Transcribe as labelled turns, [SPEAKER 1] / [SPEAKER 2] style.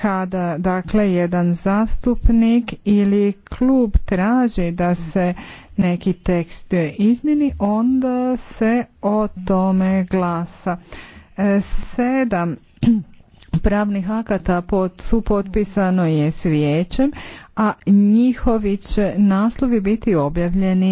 [SPEAKER 1] kada dakle jedan zastupnik ili klub traži da se neki tekst izmjeni onda se o tome glasa e, sedam pravnih akata pod, su potpisano je s vijećem a njihovi će naslovi
[SPEAKER 2] biti objavljeni